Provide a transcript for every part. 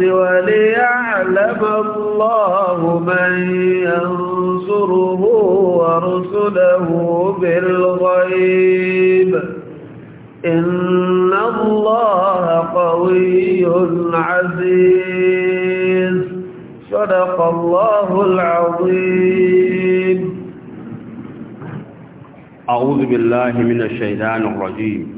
وليعلم الله من ينصره ورسله بالغيب إن الله قوي عزيز صدق الله العظيم أعوذ بالله من الشيطان الرجيم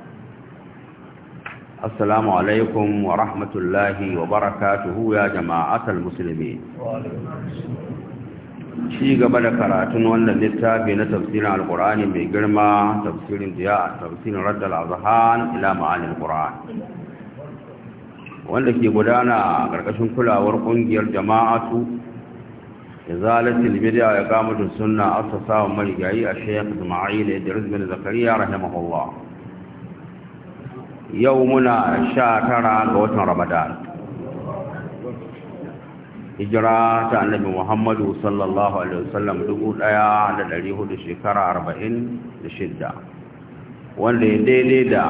السلام عليكم ورحمة الله وبركاته يا جماعة المسلمين shi gaba da karatun wannan littafi na tafsirin alkur'ani mai girma tafsirin diya tafsirin raddal azhan ila ma'anil wanda ke gudana a ƙarƙashin kulawar ƙungiyar jama'atu izalatul bid'a ya kamata sunna asasa wa marigayi a shaykh Isma'il Idris bin Zakariya rahimahullah yau muna sha tara ga watan ramadan hijira ta annabi muhammadu sallallahu alaihi wasallam dubu ɗaya da ɗari hudu shekara arba'in da shidda wanda ya daidai da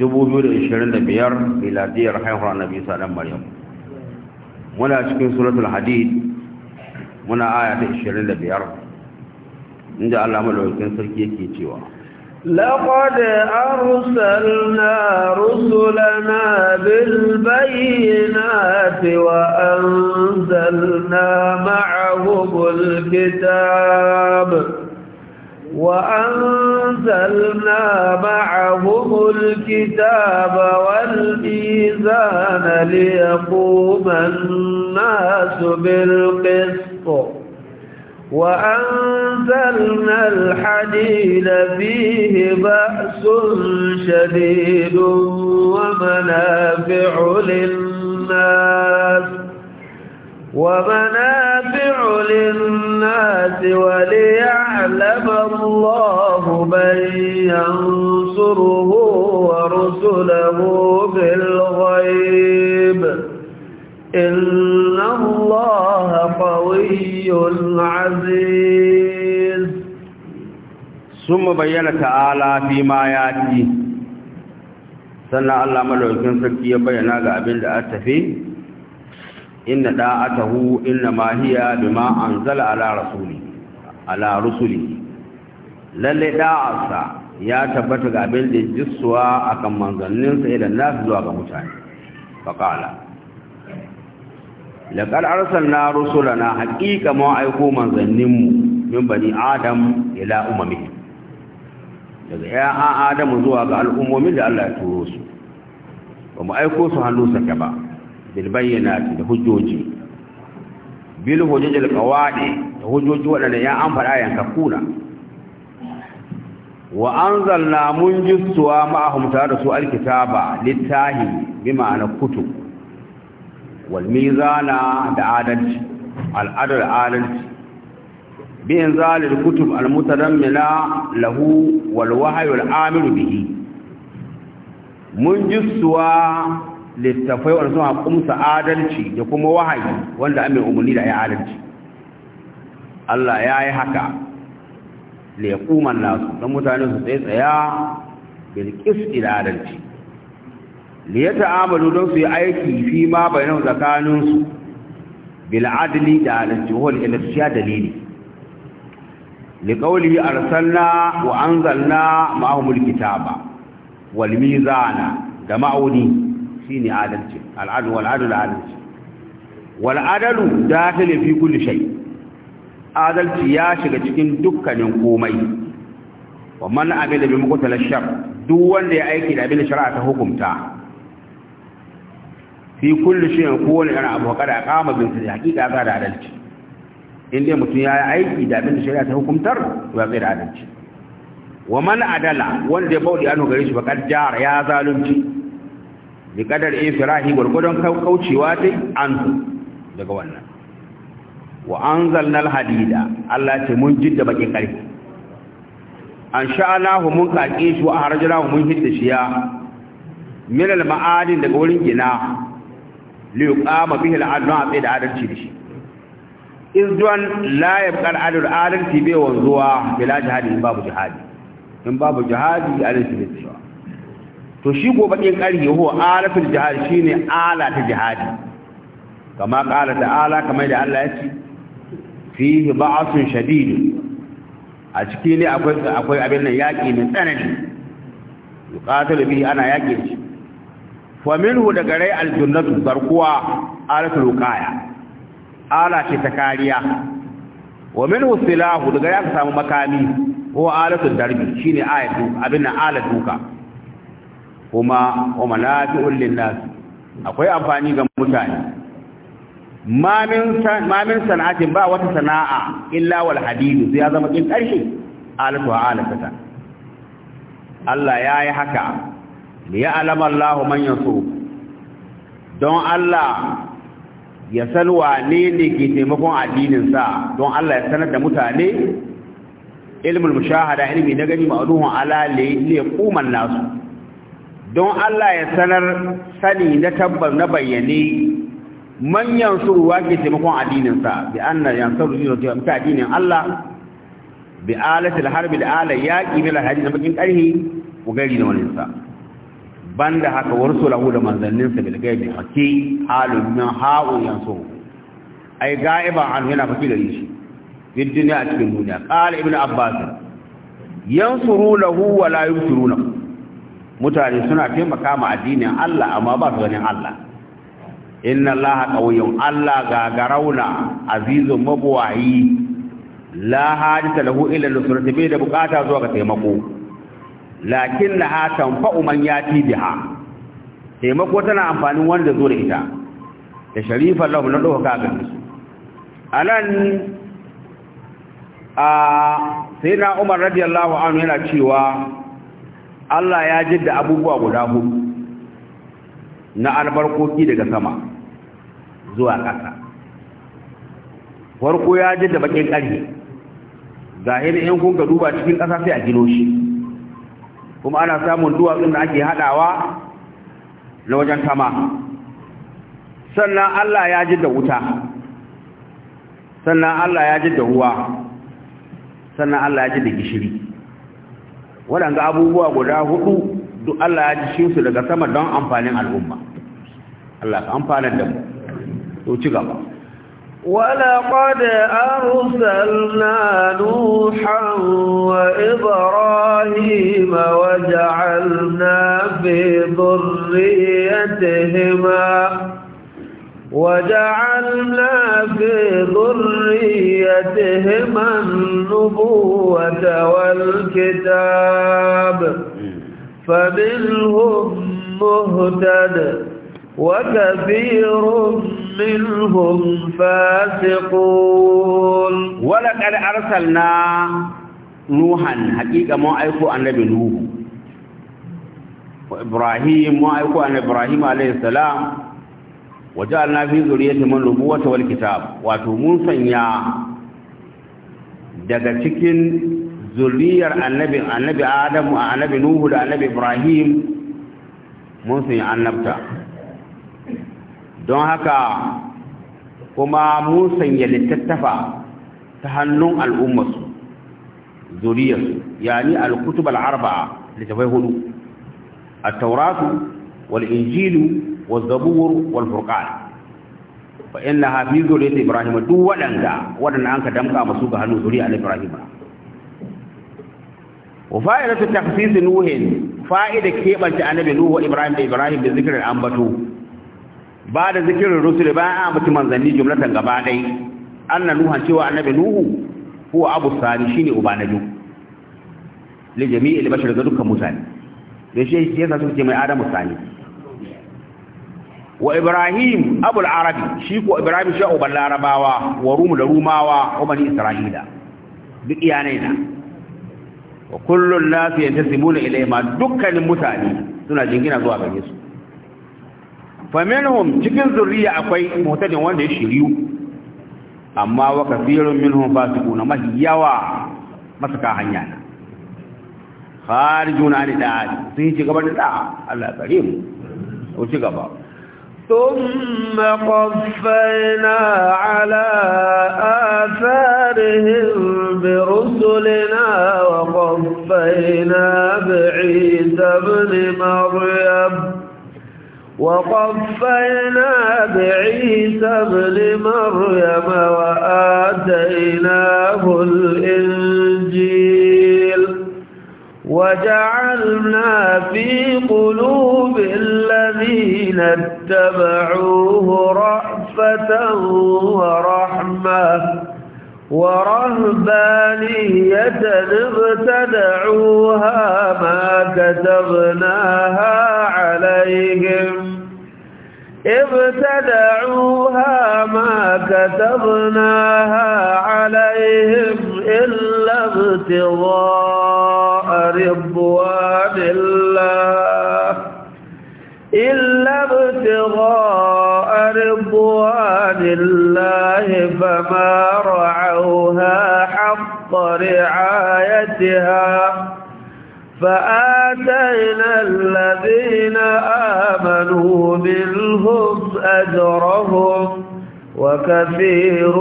dubu biyu da ishirin da biyar miladiyar haihuwar annabi sadan maryam muna cikin suratul hadid muna aya ta ishirin da biyar inda allah madaukakin sarki yake cewa لقد أرسلنا رسلنا بالبينات وأنزلنا معهم الكتاب وأنزلنا معهم الكتاب والميزان ليقوم الناس بالقسط وأنزلنا الحديد فيه بأس شديد ومنافع للناس ومنافع للناس وليعلم الله من ينصره ورسله بالغيب إن الله قوي العزيز ثم بين تعالى فيما ياتي sannan Allah malaukin sarki ya bayyana ga abin da aka tafi inna da'atahu inna ma hiya bima anzala ala rasuli ala rusuli lalle da'arsa ya tabbata ga abin da jissuwa akan manzanninsa idan nasu zuwa ga mutane faqala laqad arsalna rusulana haqiqa ma aiko manzanninmu min bani adam ila umami daga ya adam zuwa ga al'ummomin da Allah ya turo su ba mu aiko su hannu sake ba bil da hujjoji bil da qawadi da hujjoji wadanda ya an fada yanka kuna wa anzalna munjisuwa ma'ahum tare da su alkitaba littahi bi ma'ana kutub Walmiza na da adalci al'adar adalci bin zalil kutub almutadammila lahu wal wahyu al amir bihi mun jissuwa littafai wanda suna kumsa adalci da kuma wahayi wanda amin umarni da ya adalci Allah ya yi haka da ya nasu don mutane su tsaye tsaya bil da adalci liyata amalu don su yi aiki fi ma bayanan tsakaninsu bil'adili da alajihuwar ilarciya dalili liƙauli arsalna wa an zalna ma'ahumul kitaba wal mizana da ma'auni shi ne adalci al'adu wal'adu da adalci wal'adalu da ta fi kulli shai adalci ya shiga cikin dukkanin komai wa man abin da bi muku talashar duk wanda ya aiki da abin da shari'a ta hukumta fi kullu shay'in kowane irin abu kada kama bin su hakika ga da adalci in dai mutum ya yi aiki da bin shari'a ta hukumtar to ya ga da adalci wa man adala wanda ya baudi an gare shi ba kadjar ya zalunci bi kadar ifrahi gurgudun kaucewa dai an daga wannan wa anzalna alhadida Allah ce mun jidda bakin karfi an sha'alahu mun kake shi wa harjarahu mun hidda shi ya minal ma'adin daga wurin gina liyuqama bihi al'adlu a tsaye da adalci da shi izduwan la yabqa al'adlu adalci bai wanzuwa bila jihadi in babu jihadi in babu jihadi adalci bi tsawa to shi gobe din kariye huwa alatul jihadi shine ala ta jihadi kama qala ta'ala kama da Allah ya ce fihi ba'sun shadid a ciki ne akwai akwai abin nan yaki mai tsanani yuqatalu bihi ana yaki wa minhu daga rai aljannatu garkuwa alatul qaya ala ce ta kariya wa minhu silahu daga ya samu makami ko alatul darbi shine ayatu abin nan alat duka kuma nafi'ul linnas akwai amfani ga mutane ma min sana'atin ba wata sana'a illa wal hadidu sai ya zama kin karshe alatu alatata Allah ya yi haka liya alamallahu man yaso don Allah ya san wane ne ke taimakon addininsa don Allah ya sanar da mutane ilmul mushahara, ilmi na gani ma'aduhun alale, li kuman nasu don Allah ya sanar sani na tabbas na bayyane manyan suruwa ke taimakon addininsa bi anna yansaru dinu ta mutu addinin Allah bi alati alharbi da alayyaki, yaqi bil hadith bakin karhi ko gari da wannan banda haka warso lahu da manzanninsa gaibi haki halin min ha'u yanzu ai ga'iba an yana fiki da shi bid a cikin duniya qala ibnu abbas yansuru lahu wa la yusuruna mutane suna taimaka ma addinin Allah amma ba su ganin Allah inna allaha qawiyyun Allah gagarauna azizun mabwahi la hadita lahu illa lusurati bi da bukata zuwa ga taimako lakin na ha tamfa'u man yati biha taimako tana amfanin wanda zo da ita da sharifa lahu na ɗauka ga su nan a sai na umar radiyallahu anhu yana cewa Allah ya jidda abubuwa guda hudu na albarkoki daga sama zuwa ƙasa farko ya jidda bakin ƙarfi zahiri in kun ka duba cikin ƙasa sai a gino shi kuma ana samun duwatsun da ake haɗawa na wajen tama sannan Allah ya ji da wuta sannan Allah ya ji da ruwa sannan Allah ya ji da gishiri waɗanda abubuwa guda hudu duk Allah ya ji shinsu daga sama don amfanin al'umma Allah ka amfanin da mu to ci gaba ولقد أرسلنا نوحا وإبراهيم وجعلنا في ذريتهما وجعلنا في ذريتهما النبوة والكتاب فمنهم مهتد وكثير منهم فاسقون ولقد أرسلنا نوحا حقيقة ما أيكو النبي نوح وإبراهيم ما أيكو أن إبراهيم عليه السلام وجعلنا في ذريته من النبوة والكتاب واتو من سنيا daga cikin zuriyar annabi annabi Adamu annabi Nuhu da annabi Ibrahim mun sun annabta don haka kuma mun sanya littattafa ta hannun al'ummarsu zuriyarsu ni al kutubar arba arbaa littafai hudu a tauratu wal-injilu waz-zabur wal-furqan fa inna hafizu li ibrahim duk waɗanda, waɗanda an ka damka musu ga hannun zuri al-ibrahim wa fa'idatu takhsis nuhin fa'ida kebanta annabi nuhu ibrahim da ibrahim da zikrin ambatu ba da zikirin rusul bayan an mutum manzanni jumlatan gaba ɗai na nuhan cewa annabi nuhu huwa abu sani shine uba na biyu li jami'il bashar ga dukkan mutane da shi ya yasa suke mai adamu sani wa ibrahim abul arabi shi ko ibrahim shi uban larabawa wa rumu da rumawa wa bani isra'ila duk iyanai na wa kullun la Simuna ila ma dukkanin mutane suna jingina zuwa gare su faminhum cikin zurriya akwai mutadin wanda ya shiriyu amma wa kafirun minhum fasiquna mahiyawa masaka hanya na kharijun an da'a sun ci gaba da da'a Allah karim ko ci gaba ثم قفينا على آثارهم برسلنا وقفينا بعيسى ابن مريم وقفينا بعيسى ابن مريم وآتيناه الإنجيل وجعلنا في قلوب الذين اتبعوه رأفة ورحمة ورهبانية ابتدعوها ما كتبناها عليهم ابتدعوها ما كتبناها عليهم إلا ابتغاء رضوان الله إلا ابتغاء رضوان الله فما رعوها حق رعايتها فآتينا الذين آمنوا بالله أجرهم وكثير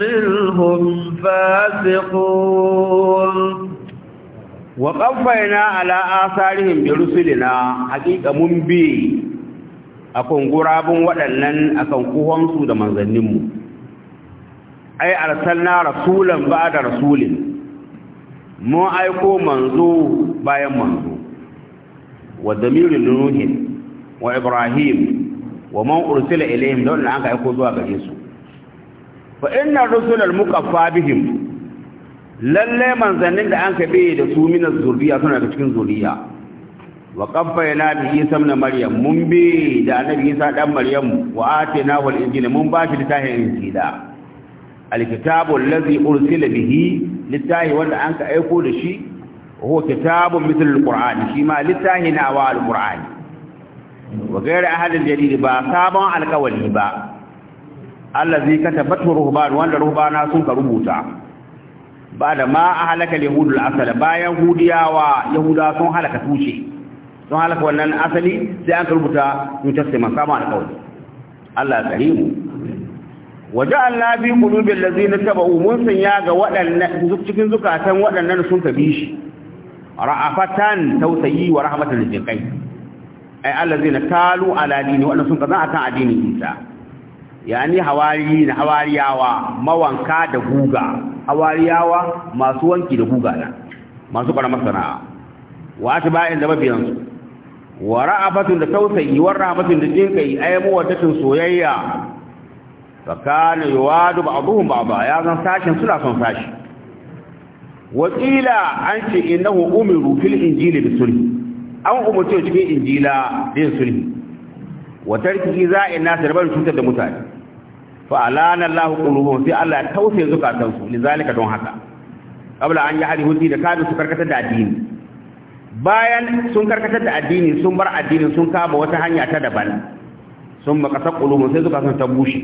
منهم فاسقون وقفينا على آثارهم برسلنا حقيقة منبي أكون قراب ودنن أكون قوهم سود من ذنبه أي أرسلنا رسولا بعد رسول mu aiko manzo bayan manzo wa damirin nuhin wa ibrahim wa man ursila ilayhim da wanda aka aiko zuwa gare su fa inna rusulal muqaffa bihim lalle manzannin da aka bi da su min suna da cikin zuriya wa qaffayna bi isa ibn maryam mun bi da annabi isa dan maryam wa atina wal injila mun ba shi littafin injila alkitabu allazi ursila bihi littafi wanda anka aiko da shi huwa kitabun mithl alqur'ani shi littafi na wa alqur'ani wa gairi ahadin jadid ba sabon alkawali ba allazi katabatu ruhban wanda ruhbana sun ka rubuta ba da ma ahlaka yahudul asala bayan hudiyawa yahuda sun halaka tushe sun halaka wannan asali sai an rubuta sun ma sabon alkawali Allah karimu waja'alna fi qulubil ladzina tabu mun sanya ga waɗannan cikin zukatan wadannan sun ka bi ra'afatan tausayi wa rahmatan lil jinkai ay allazina talu ala dini wa sun kaza akan addinin Isa yani hawari na hawariyawa mawanka da guga hawariyawa masu wanki da guga na masu karamar sana'a wa atba'in da babiyan su wa ra'afatun da tausayi wa ra'afatun da kai ay muwaddatun soyayya fa kana yuwadu ba'dhum ba'dha ya zan sashin suna son sashi qila an ce innahu umiru fil injili bisulh an umarci cikin injila din sulhi Wata wa tarkihi za'in nas da barin cutar da mutane fa alana Allah qulubuhum sai Allah ya tausaye zukatan su lizalika don haka qabla an yahdi hudi da kadu su karkatar da addini bayan sun karkatar da addini sun bar addini sun kaba wata hanya ta daban sun makasa qulubuhum sai zukatan ta bushe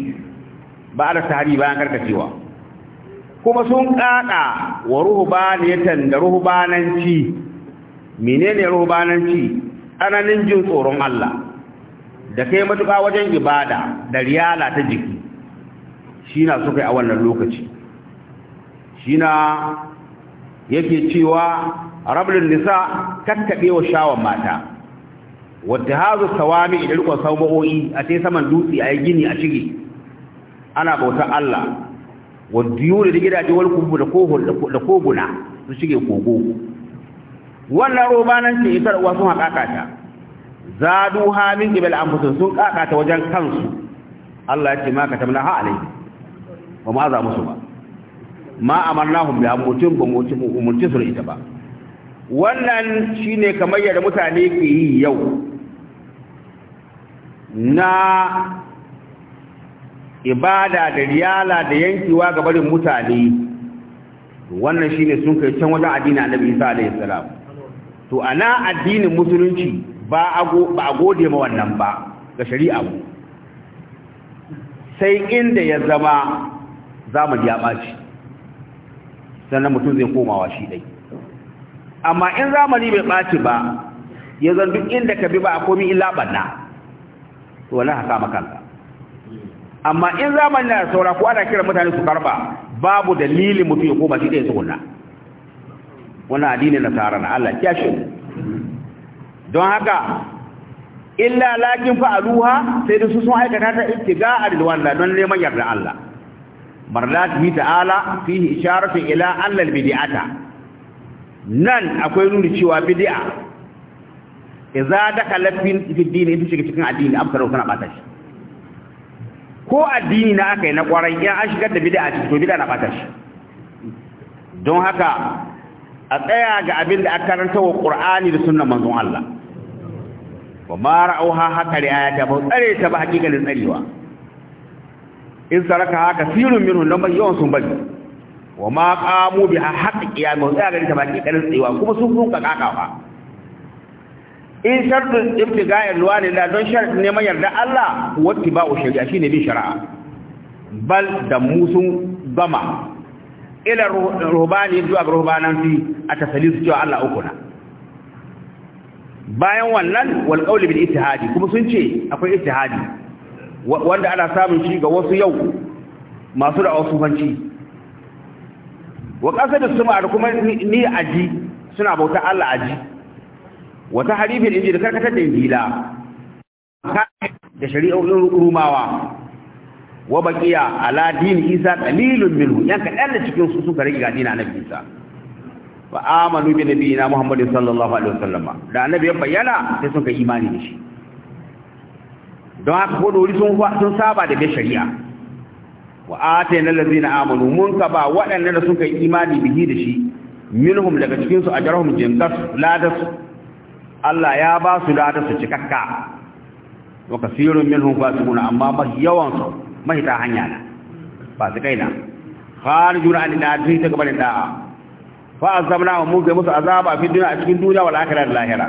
ba a ala tahari bayan karkacewa kuma sun ƙaƙa wa ruhu ruhbaniyatan da ruhbananci menene rubananci tsananin jin tsoron Allah da kai matuƙa wajen ibada da riyala ta jiki shi na suka yi a wannan lokaci shi na yake cewa rablin nisa wa shawon mata wadda hazu sawami idan rikon sauma'o'i a sai saman dutse a gini a shige ana bautar Allah wadda yiwu da gidaje da koguna su shige kogo wannan rubanan ce isar uwa sun haƙaƙa ta zadu ha min ibal anfusun sun ƙaƙa ta wajen kansu Allah ya ce ma ka tamna ha alaihi ba ma za musu ba ma amarnahum bi amutin ba mutum umurci su ita ba wannan shine kamar yadda mutane ke yi yau na ibada da riyala da yankewa ga barin mutane wannan shine sun kai can wajen addinin Annabi Isa alaihi salam to ana addinin musulunci ba a gode ma wannan ba ga shari'a mu sai inda ya zama zamani ya ɓaci sannan mutum zai komawa shi ɗai amma in zamani bai ɓaci ba ya zan duk inda ka bi ba a komi illa ɓanna to wani haka makanka amma in zamani na saura ko ana kira mutane su karɓa babu dalilin mutum ya koma shi ɗaya tsohonna wani addinin nasara na Allah ya shi don haka illa lakin fa'aluha sai da su sun aikata ta ittiga'a lil walla don neman yarda Allah marlatihi ta'ala fihi isharatu ila annal bid'ata nan akwai nuni cewa bid'a idza dakala fi dini ita shiga cikin addini abkaro kana bata shi ko addini na aka yi na kwarai ya an shigar da bid'a cikin to bid'a na bata shi don haka a tsaya ga abin da aka karanta wa Qur'ani da sunnan manzon Allah wa ma ra'auha haka ya ba tsare ta ba hakikalin tsarewa in saraka haka sirrun minhu dan bai yawan sun bari wa ma qamu biha haqqi qiyam tsaya ga ta ba hakikalin tsarewa kuma sun kun kakakawa in shartun ibtiga'ir luwani da don ne neman yarda Allah wa tibau shari'a shine bin shari'a bal da musun gama ila ruhbani zuwa fi a su cewa Allah uku na bayan wannan wal qawli bil ittihadi kuma sun ce akwai ittihadi wanda ana samun shi ga wasu yau masu da fanci wa qasadu sum'a kuma ni aji suna bauta Allah aji wa inji da karkatar da injila da shari'ar rumawa wa baqiya ala din isa qalilun minhu yan kadan da cikin su suka rage ga dina annabi isa fa amanu bi nabiyina muhammadin sallallahu alaihi wasallam da annabi ya bayyana sai suka imani da shi don haka ko dole sun sun saba da shari'a wa atayna allazina amanu mun ka ba waɗannan da suka imani bihi da shi minhum daga cikin su ajrahum la ladas Allah ya ba su su cikakka wa kasirun minhum fasiquna amma yawan su mahita hanya na ba su kai na. kaina kharijun na ladhi ta gabanin da'a fa azabna wa muke musu azaba fi duniya a cikin duniya wal akhirah da lahira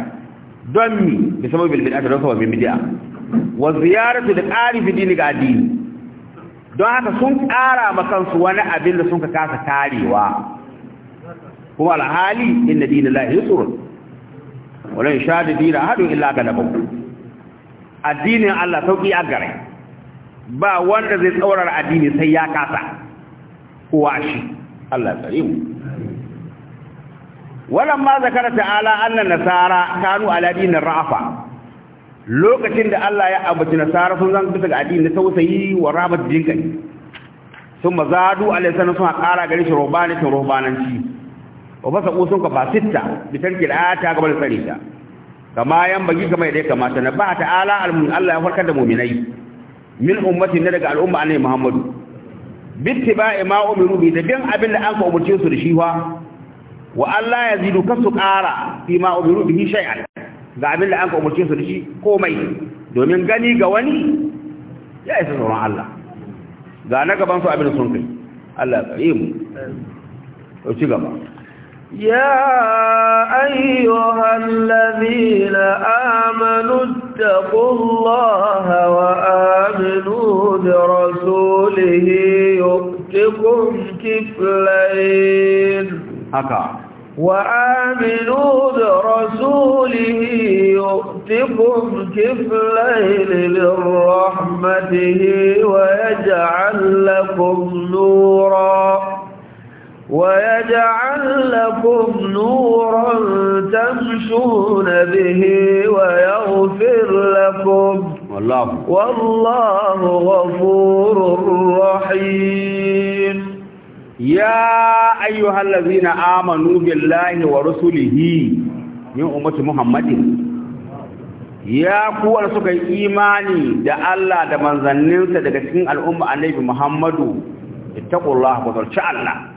don mi bi sababil bid'ati don sababil bid'a wa ziyaratu da qari fi dini ga addini don haka sun ƙara ma kansu wani abin da sun ka kasa karewa kuma alhali inna dinillahi yusrun wala yashadu dina hadu illa galabu addinin Allah sauki a gare ba wanda zai tsaurar addini sai ya kasa kowa shi Allah tsare mu ma zakara ta'ala annan nasara kanu ala dinin ra'afa lokacin da Allah ya abuci nasara sun zan bisa ga addini na tausayi wa rabat dinka sun mazadu alaihi sanin suna ƙara gari shi rubani ta rubananci wa fasa usun ka fasitta bitar da ta gaba da tsare ta kama yan bagi kama da ya kamata na ba ta'ala almun Allah ya farkar da mu'minai min ummati na daga al'umma annabi Muhammadu bittiba'i ma umiru bi da bin abin da aka ka umurce su da shi wa wa Allah yazidu kasu qara fi ma umiru bihi shay'an ga abin da aka ka umurce su da shi komai domin gani ga wani ya isa tsoron Allah ga na gaban su abin sun kai Allah ya kare mu ci gaba يا أيها الذين آمنوا اتقوا الله وآمنوا برسوله يؤتكم كفلين وآمنوا برسوله يؤتكم كفلين لرحمته ويجعل لكم نوراً ويجعل لكم نورا تمشون به ويغفر لكم والله, والله غفور رحيم يا أيها الذين آمنوا بالله ورسله من أمة محمد ya ku suka yi imani da Allah da manzanninsa daga cikin al'umma annabi Muhammadu ittaqullaha wa tarci Allah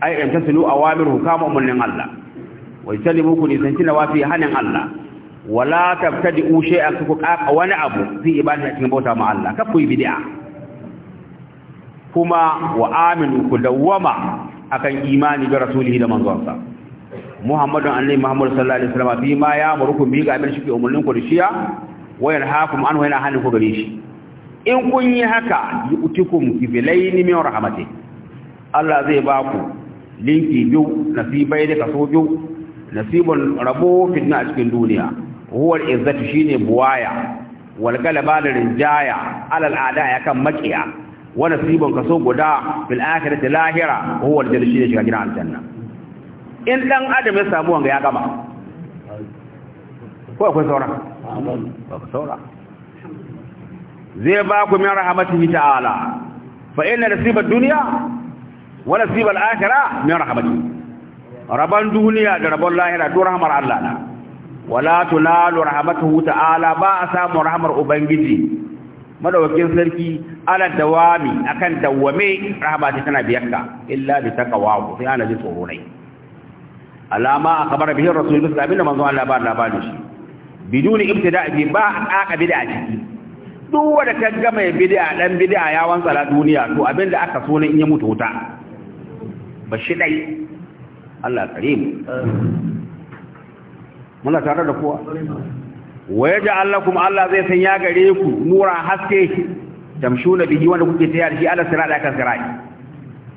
ai in tasilu awamiru kama umurnin Allah wa yaslimu ku nisan tina wa fi hanin Allah wala tabtadi'u shay'an ku kaka wani abu fi ibadati cikin bauta ma Allah kafu bid'a kuma wa aminu ku dawwama akan imani ga rasulihi da manzonsa Muhammadun annabi Muhammad sallallahu alaihi wasallam fi ma ya murukum bi ga abin shi umurnin ku rishiya wa yanhaakum anhu yana hanin ku gare shi in kun yi haka yi utikum kibilaini min rahmatihi Allah zai ba ku linki biyu nasibai da kaso biyu nasibin rabo fitna a cikin duniya huwar izzatu shine buwaya wal galaba da rinjaya alal ada ya kan makiya wa nasibun kaso guda fil akhirati lahira huwal jalli ne shiga gidan aljanna in dan adam ya samu wanga ya gama ko akwai saura ba saura zai ba ku mai rahmatihi ta'ala fa inna nasibat dunya wala sibal akhirah min rahmati rabban duniya da rabban lahira to rahmar Allah na wala tunalu rahmatuhu ta'ala ba a samu rahmar ubangiji madaukakin sarki ala dawami akan dawame rahmati tana biyakka illa bi taqwa sai ana ji tsoro ne alama akbar bihi rasulullah sallallahu alaihi wasallam manzo Allah ba labari shi biduni ibtida bi ba aka bid'a ciki duk wanda kaga gama bid'a dan bid'a yawan wansa duniya to abinda aka so ne in ya mutu ta. ba shi dai Allah karimu muna tare da kowa waya da Allah kuma Allah zai sanya gare ku nura haske tamshuna bihi wanda kuke tayar shi ala sirada kan sirai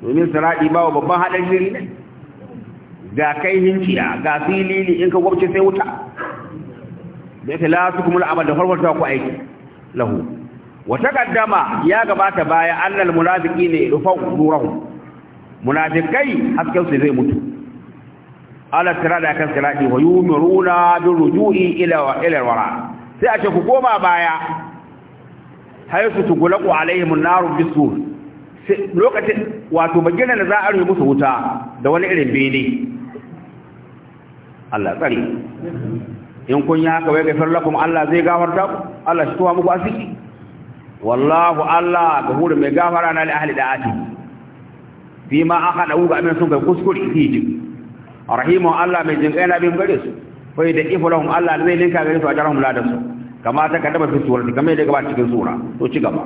domin sirai bawo babban jiri ne ga kai hinciya ga filili in ka gwabce sai wuta da ta lasu kuma al'amal da farfarta ku aiki lahu wa taqaddama ya gabata baya annal munafiqina rufu nurahum munafikai hasken su zai mutu ala tirada kan sirati wa yumiruna bi ruju'i ila wa ila wara sai a ce ku koma baya haythu tughlaqu alaihim an-nar bisur lokacin wato maginan da za a rufe musu wuta da wani irin bene Allah tsari in kun yi haka wai ga lakum Allah zai gafarta ku Allah shi tuwa muku asiki wallahu Allah gafurin mai gafara na li ahli da'ati fi ma aka dawo ga amin sun kai kuskure hiji rahimu Allah mai jinkai na bin gare su fa da ifulahum Allah zai linka gare su ajarhum ladan su kama ta kadaba fi surati kama da gaba cikin sura to ci gaba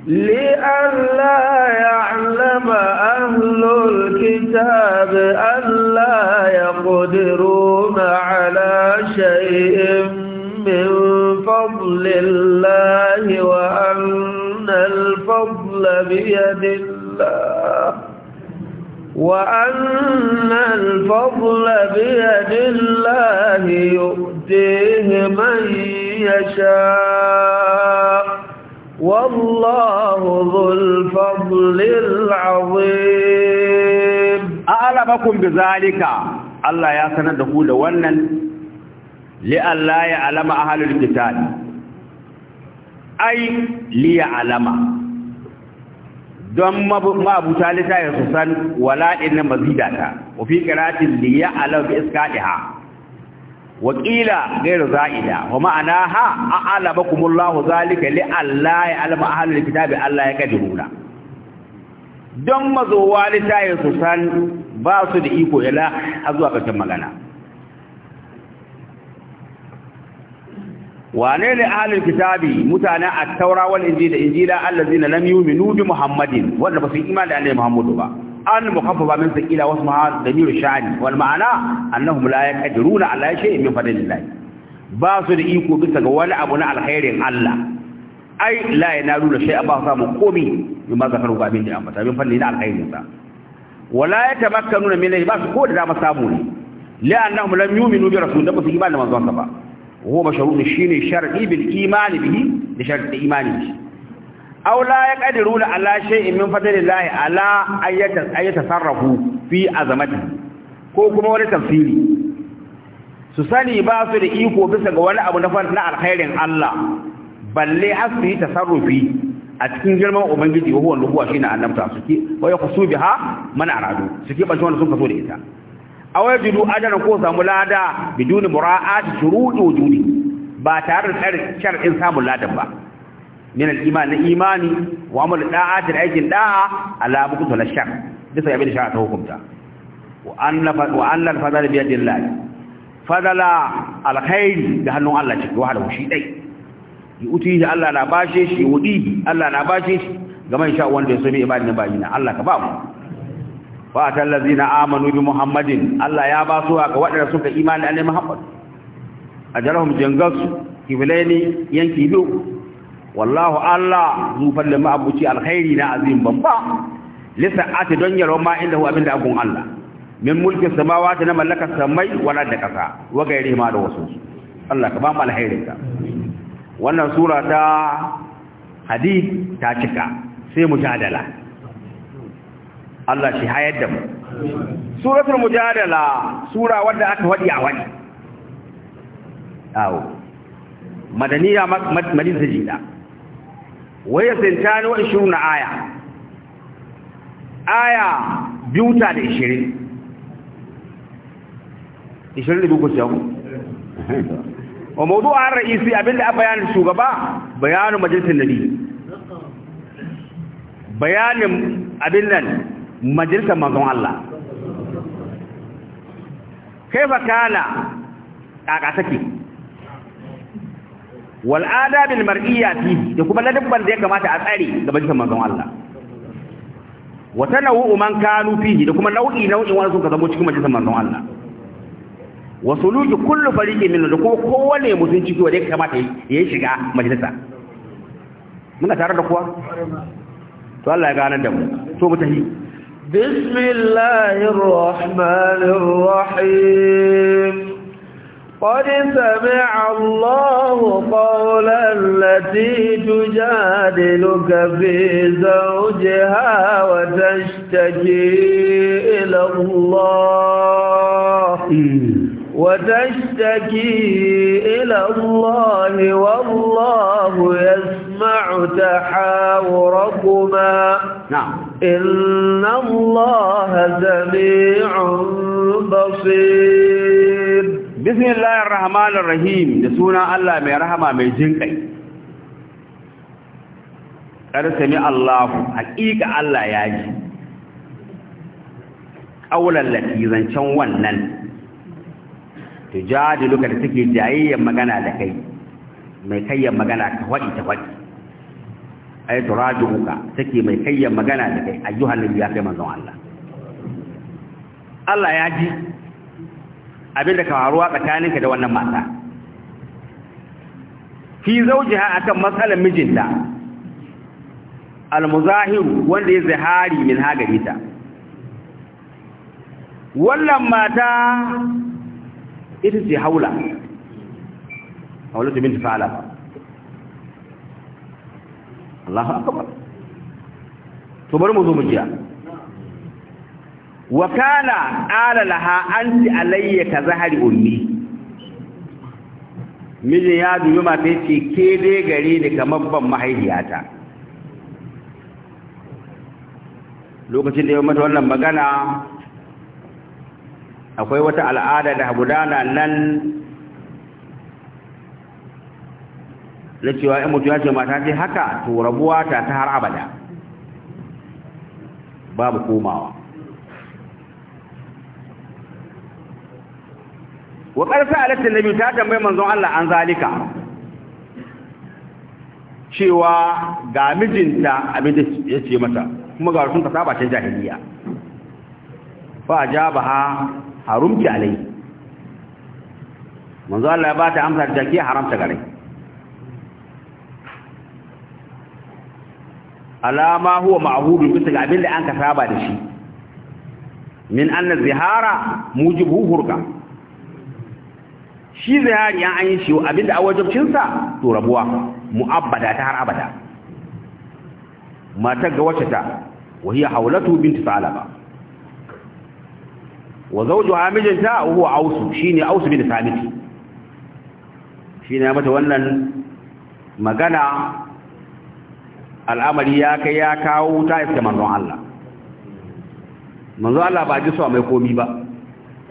لئلا يعلم أهل الكتاب ألا يقدرون على شيء من فضل الله وأن الفضل بيد الله وأن الفضل بيد الله يؤتيه من يشاء والله ذو الفضل العظيم أعلمكم بذلك الله يا سند ونن لألا يعلم أهل القتال أي ليعلم don mabuta littafin su san wala'in na mazidata wa fi qira'atin li ya'law bi iskadiha wa qila ghayr za'ida wa ma'anaha a'labakum Allah zalika li alla ya'lam ahlul Allah ya kadiruna don mazowa littafin su san ba su da iko ila zuwa ƙarshen magana wane ne ahlul kitabi mutane at-taura wal injila injila allazina lam yu'minu bi muhammadin wanda ba su imani da annabi muhammadu ba an mukhaffafa min thaqila wa da damiru shani, wal ma'ana annahum la yaqdiruna ala shay'in min fadlillah ba su da iko bisa ga wani abu na alkhairin Allah ai la yanaluna shay'a ba samu komi bima zakaru ga abin da ambata min fadlillah alkhairin sa wala yatamakkanuna min ba su ko da dama samu ne la'annahum lam yu'minu bi da ba su imani da manzon ba وهو مشروط شيني شرعي بالإيمان به لشرط إيمان به أو لا يقدرون على شيء من فضل الله على أن يتصرفوا في عظمته كوكما ولا تفسيري سساني باسو لإيكو بسك ولا أبو نفرنا على خير الله balle har su yi tasarrufi a cikin girman ubangiji wa huwa lubuwa shine annabta suke wa yaqsu biha man aradu suke bace wanda sun kaso da ita aw yajidu ajran ko samu lada biduni mura'at shuruɗi wujudi ba tare da tsarin shar'in samun ladan ba min al-iman na imani wa amal da'a da aikin da'a ala bukutu la shar bisa abin da ta hukumta. wa anna wa anna al-fadala bi yadillah fadala al-khair da hannun Allah ce wa halu shi dai uti da Allah na bashe shi wudi Allah na bashe shi ga man sha wanda ya so bi ibadin bayina Allah ka ba mu wa atal zina amanu bi muhammadin Allah ya ba su ga waɗanda suka imani da Muhammad ajalahum jangasu kiblaini yanki biyu wallahu Allah zufan da ma'abuci alkhairi na azim babba lisa ati don yaro ma inda hu abinda abun Allah min mulki samawati na mallaka samai wala da kasa wa gairi ma da wasu Allah ka ba mu alkhairin ka wannan sura ta hadith ta cika sai mujadala Allah shi hayar da mu suratul mujadala sura wanda aka wadi a wani. awo madaniya madina jida waya sintani wa na aya aya biyuta da ishirin, ishirin da dubu ko wa mawdu'ar ra'isi abinda a bayanin shugaba bayanin majalisar nabi bayanin abin nan majalisar mazan Allah kai fa kana kaka wal'ada wal mar’iya fi da kuma ladabban da ya kamata a tsari ga majalisar mazan Allah wa nau’u man kanu fi da kuma nau'i nau'in wanda suka zama cikin majalisar mazan Allah wa suluki fari ke min da kuma kowane mutum ciki da ya kamata ya shiga majalisa muna tare da kuwa to Allah ya gane da mu so mutane. بسم الله الرحمن الرحيم قد سمع الله قولا التي تجادلك في زوجها وتشتكي إلى الله وتشتكي إلى الله والله يسمع تحاوركما نعم إن الله سميع بصير بسم الله الرحمن الرحيم دسونا الله من رحمة من جنكي قد سمع الله حقيقة الله ياجي أولا التي زنشن ونن تجادلك لتكي جائيا مغانا لكي mai kayyar magana ka waɗi ta waɗi ai turajuka take mai kaiyan magana da kai ayyuhan nabi ya kai manzon Allah Allah ya ji abinda ka faruwa tsakaninka da wannan mata fi zawjiha akan matsalar mijinta al-muzahir wanda ya zahari min hagarita wannan mata ita ce haula haula bint fa'ala Allahu akbar to bari mu zo mu jiya wa kana ala laha anti alayya ka zahari ummi mijin ya dubi mata yace ke dai gare ni kamar ban mahaifiyata. lokacin da ya mata wannan magana akwai wata al'ada da gudana nan na cewa in mutu ya ce mata ce haka to rabuwa ta ta har abada babu komawa wa ƙarfi na nabi ta tambayi manzon Allah an zalika cewa ga mijinta abin da ya ce mata kuma ga sun saba ta jahiliya fa ajaba ha harumki alai manzon Allah ya ba ta amsa da ke haramta gare alama huwa ma'hudu bisa ga abin da an ka saba da shi min anna zihara mujibu hurqa shi zihari an yi shi abin da a wajibcin sa to rabuwa mu'abbada ta har abada mata ga wacce ta wahiya haulatu binti salaba wa zawjuha mijinta huwa ausu shine ausu bin sabit shine mata wannan magana al'amari ya kai ya kawo ta iske manzon Allah manzon Allah ba ji so mai komi ba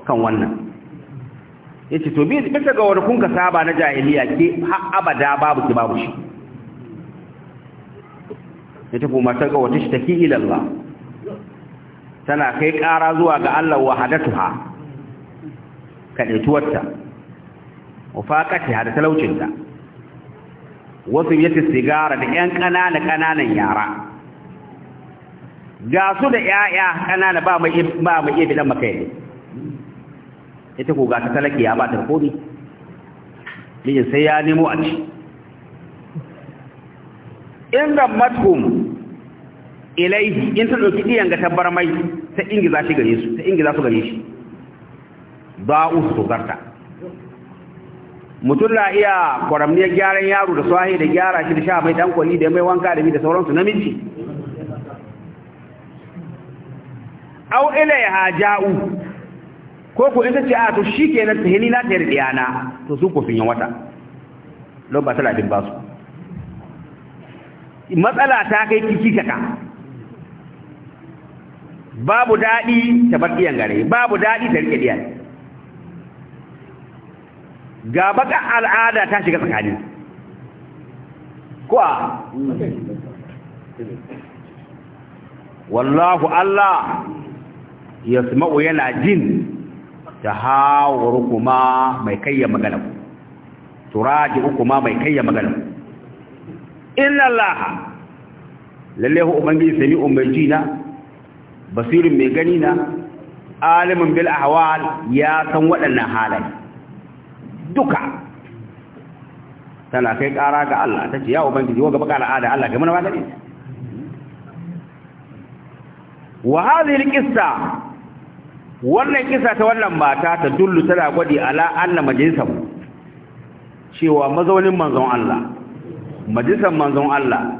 kan wannan yace to bisa ga wani kun ka saba na jahiliya ke har abada babu ki babu shi yace ko mata ga wata shi take ila Allah tana kai ƙara zuwa ga Allah wahadatuha kadaituwarta wafaqatiha hada talaucinta wasu ya ci sigara da 'yan ƙananan ƙananan yara ga su da 'ya'ya ƙanana ba mai iya bidan makai ne ita ko ga ta talaki ya ba ta komi mijin sai ya nemo a ci in ga matum ilaihi in ta ɗauki ɗiyan ga tabbar mai ta ingiza shi gare su ta ingiza su gare shi ba usu zarta mutum na iya kwaramniyar gyaran yaro da swahi da gyara shi da sha mai dan kwali da mai wanka da mi da sauransu namiji au ya ja'u ko ku in tace a to shikenan tahini na tayar yana, to su ku sun yi wata lo ba talatin ba su matsala ta kai kiki kaka babu dadi ta bar iyan gare babu dadi ta rike ɗiyar. ga baka al'ada ta shiga tsakani kuwa wallahu Allah ya sama'u yana jin ta hawar kuma mai kayya magana ku turaji kuma mai kayya magana ku inna Allah lalle hu sami sami'un mai jina basirin mai gani na alimin bil ahwal ya san waɗannan halaye duka tana kai ƙara ga Allah ta ce ya ubangiji wa ga baka al'ada Allah game ba gari wa hadhihi alqissa wannan kisa ta wannan mata ta dullu tana gwadi ala anna mu. cewa mazaunin manzon Allah majlisan manzon Allah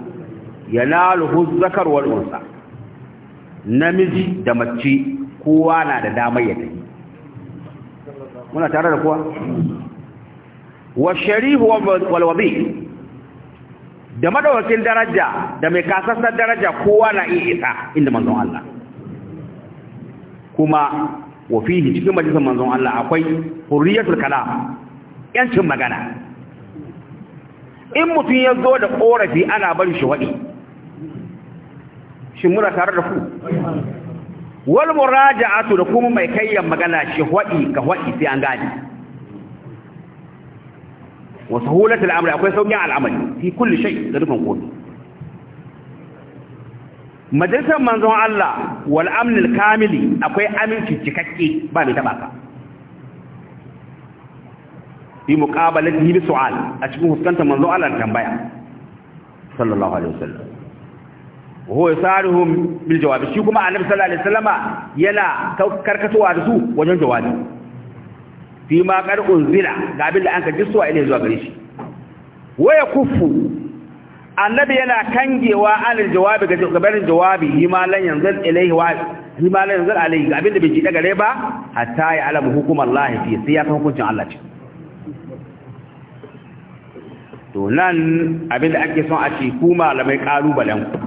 yanaluhu zakar wal unsa namiji da mace kowa na da damar ya tafi muna tare da kowa wa sharihu wal wabi da madawakin daraja da mai kasassar daraja kowa na iya isa inda manzon Allah kuma wa fihi cikin majalisar manzon Allah akwai hurriyatul kalam yancin magana in mutum ya zo da korafi ana bari shi wadi shi mura tare da ku wal muraja'atu da kuma mai kayyan magana shi wadi ka wadi sai an gane وسهولة الأمر يعني أكوية سوقع على العمل في كل شيء ذلك نقول مدرسة منظوم الله والأمن الكامل أكوية أمن تتككي بامي تباكا في مقابلة مقابلته بسؤال أشبه سكنت منظوم الله الكمبايا صلى الله عليه وسلم وهو يسألهم بالجواب الشيء كما النبي صلى الله عليه وسلم يلا كركتوا عدسوا وجن جوابه fi ma kar unzila ga abin da an ka jisuwa ilai zuwa gare shi waya kufu annabi yana kangewa anil jawabi ga gabarin jawabi himalan yanzu ilaihi wa himalan yanzu alaihi ga abin da bai ci gare ba hatta ya alamu hukumar Allah fi sai ya hukuncin Allah ce to nan abin da ake son a ce ku malamai kalubalen ku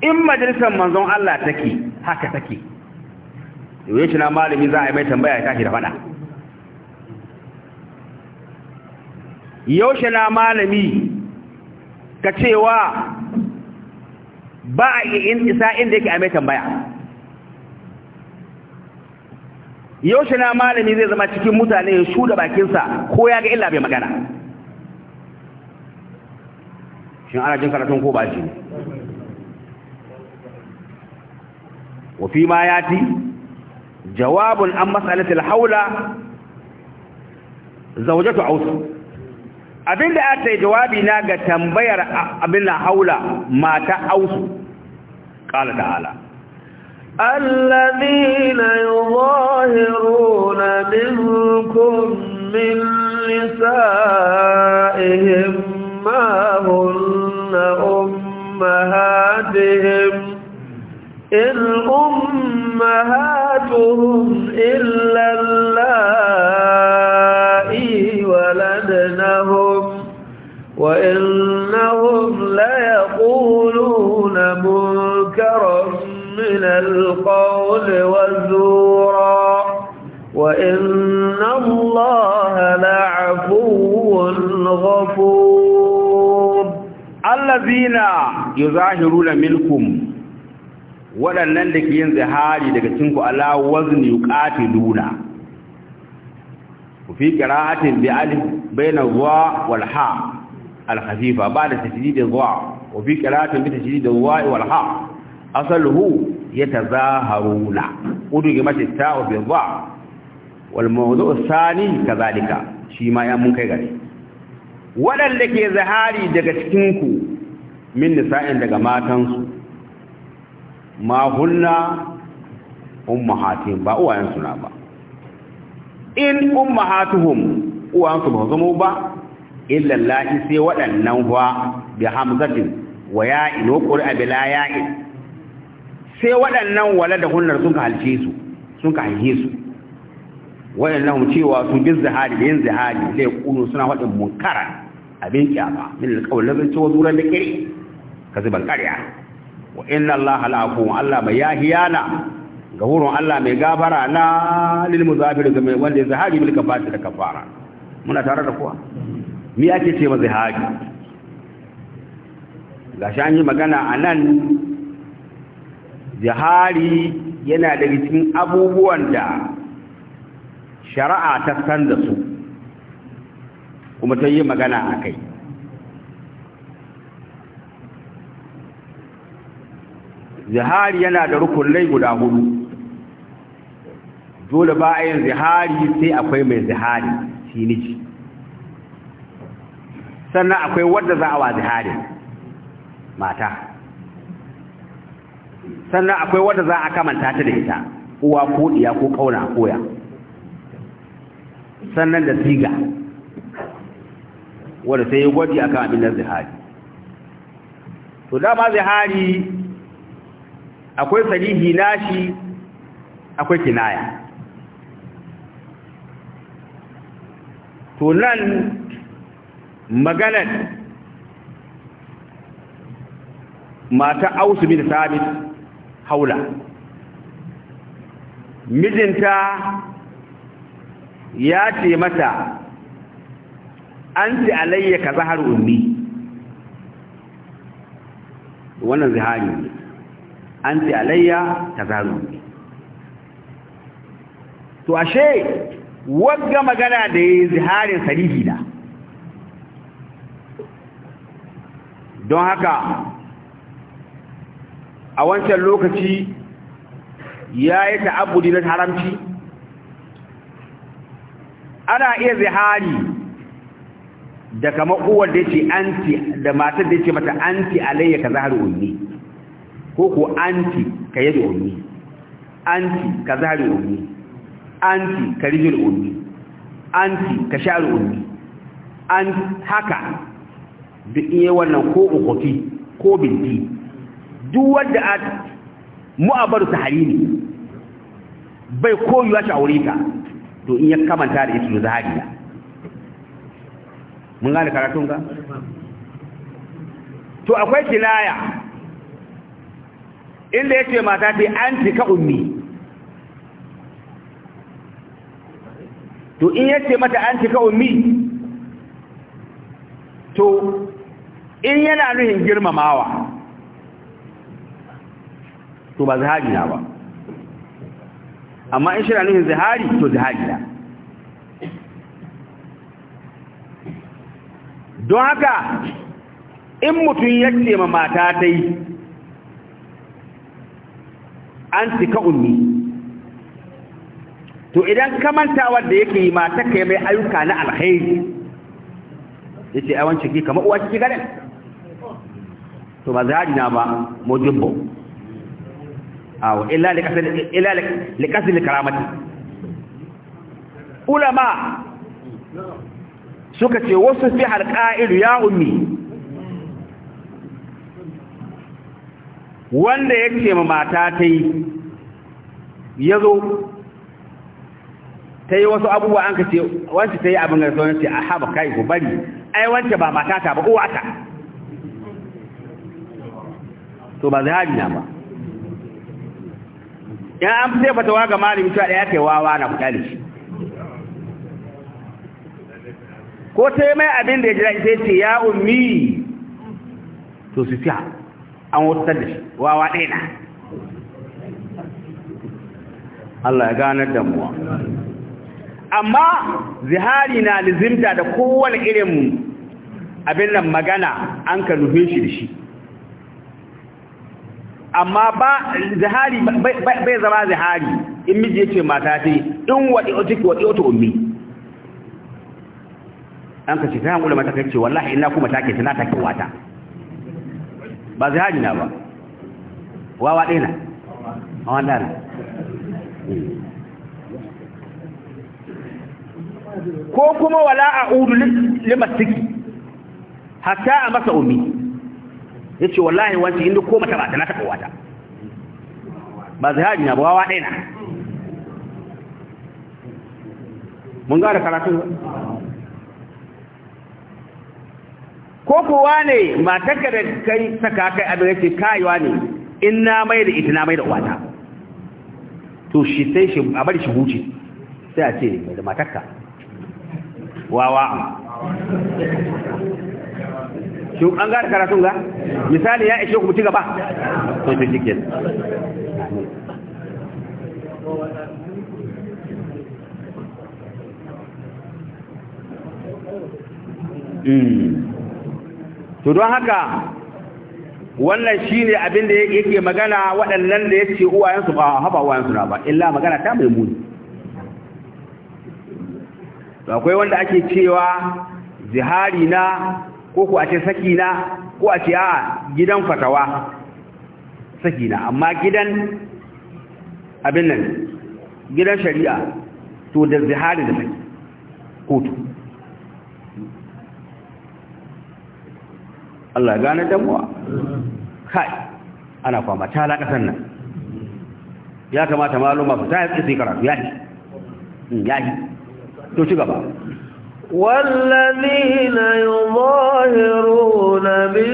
in majalisar manzon Allah take haka take yau shi na malami za a yi mai tambaya ya tashi da fada yau shi na malami ka cewa ba a yi in isa inda yake a mai tambaya yau shi na malami zai zama cikin mutane ya shuda bakinsa ko ya ga illa bai magana shin ana jin karatun ko ba shi ne wafi ma ya ti جواب عن مسألة الحولة زوجة عوس أبين da أتى جوابي ناقة تنبير أبين tambayar abin na قال تعالى الذين يظاهرون منكم من نسائهم ما هن أمهاتهم إن أمهاتهم أمهاتهم إلا اللائي ولدنهم وإنهم ليقولون منكرا من القول وزورا وإن الله لعفو غفور الذين يظاهرون منكم waɗannan da ke yin zihari daga cinku ala wazni yuqatiluna ku fi qira'atin bi alif bayna dha wal ha al khafifa ba'da tashdid dha wa fi qira'atin bi tashdid dha wal ha asaluhu yatazaharuna udugi mace ta'u bi dha wal mawdu'u thani kadhalika shi ma ya mun kai gari. waɗanda ke zahari daga cikinku min nisa'in daga matansu ma hunna ummahatin ba uwayen suna ba in ummahatuhum uwayen su ba zama ba illa lahi sai waɗannan wa bi hamzatin wa ya'in wa qur'a ya ya'in sai waɗannan walada hunnar sun ka halce su sun ka haihe su waɗannan cewa su bin zahari bi zahari da kunu suna wadin munkara abin kiyama min alƙawar lazanci wa zuran da kiri ka ban ƙarya wa inna Allah al'afu Allah mai yahiyana ga wurin Allah mai gafara na lilmu zafiru ga mai wanda ya zahagi bil kafati da kafara muna tare da kuwa me ake ce ma zahari shi an yi magana a nan, zahari yana da cikin abubuwan da shari'a ta san da su kuma ta yi magana a kai zihari yana da rukunai guda hudu dole ba a yin zihari sai akwai mai zihari shi sannan akwai wadda za a wa zihari mata sannan akwai wadda za a kamanta ta da ita uwa ko iya ko kauna koya sannan da siga wadda sai ya gwaji akan abin da zihari to dama zihari akwai sarihi nashi akwai kinaya to nan maganar mata ausu bin sabit haula mijinta ya ce mata an ce alayya ka zahar ummi wannan zihari ne anti alayya tazaruni to ashe wagga magana da yayi ziharin sarihi na don haka a wancan lokaci ya yi ta'abudi na haramci ana iya zihari da kamar uwar da ce anti da matar da ce mata anti alayya ka zahar unni ko ko anti ka yadda ummi anti ka zari ummi anti ka rijil ummi anti ka share ummi an haka da iya wannan ko ukhti ko binti duk wanda a mu'abaru ne bai koyi shi aure ta to in ya kamanta da ita zahariya mun gane karatun ka to akwai kinaya inda ce mata ta an ka ummi to in ce mata an ka ummi to in yana nuhin girmamawa to ba zahari na ba amma in shirya nuhin zahari to zahari na don haka in mutum ya ce ma mata ta yi an ka ummi to idan ka manta wanda yake yi mata kai mai ayyuka na alkhairi yace ai wancan ki kamar uwa kike garin to ba zai na ba mujibbo aw illa li kasl illa li kasl karamati ulama suka ce wasu fi halqa'ilu ya ummi wanda ya ce ma mata ta yi ya zo ta yi wasu abubuwa an ka ce wance ta yi abin da sauran ce a haɓa kai ku bari ai wancan ba mata ta ba ta to ba zai na ba ya an fi sai wa ga malami ta ɗaya kai wawa na kudali ko ta yi mai abin da ya jira ita ce ya ummi to su ha. an wutar da shi wawa ɗaya na Allah ya gane da muwa amma zihari na lizimta da kowane irin abin nan magana an ka nufin shi da shi amma ba zihari bai zama zihari in miji ya ce mata ce in waɗi otiki waɗi otu ummi an ka ce ta hankula mata ce wallahi ina kuma take tana take wata ba zai hajji na ba wawa ɗaya na a wanda na ko kuma wala a udu limattiki hatta a masa umi ya ce wallahi wancan inda ko mata ba ta na taɓa wata ba zai hajji na ba wawa ɗaya na mun gara karatun ko kuwa ne matarka da kai saka kai abin yake kayuwa ne in na mai da ita na mai da uwata to shi sai shi a bari shi huce sai a ce mai da matarka wawa shi an gara karatun ga misali ya ishe ku ci gaba to shi shi Mm-hmm. to don haka wannan shi ne abin da yake magana waɗannan da yake uwayensu ba haɓa uwayensu na ba illa magana ta mai muni akwai wanda ake cewa zihari na ko ku a ce saki na ko a ce a gidan fatawa saki na amma gidan abin nan gidan shari'a to da zihari da saki kotu Allah gane damuwa kai ana kwa ta la kasan nan ya kamata maluma su ta yi karatu ya yi ya yi to ci gaba والذين يظاهرون من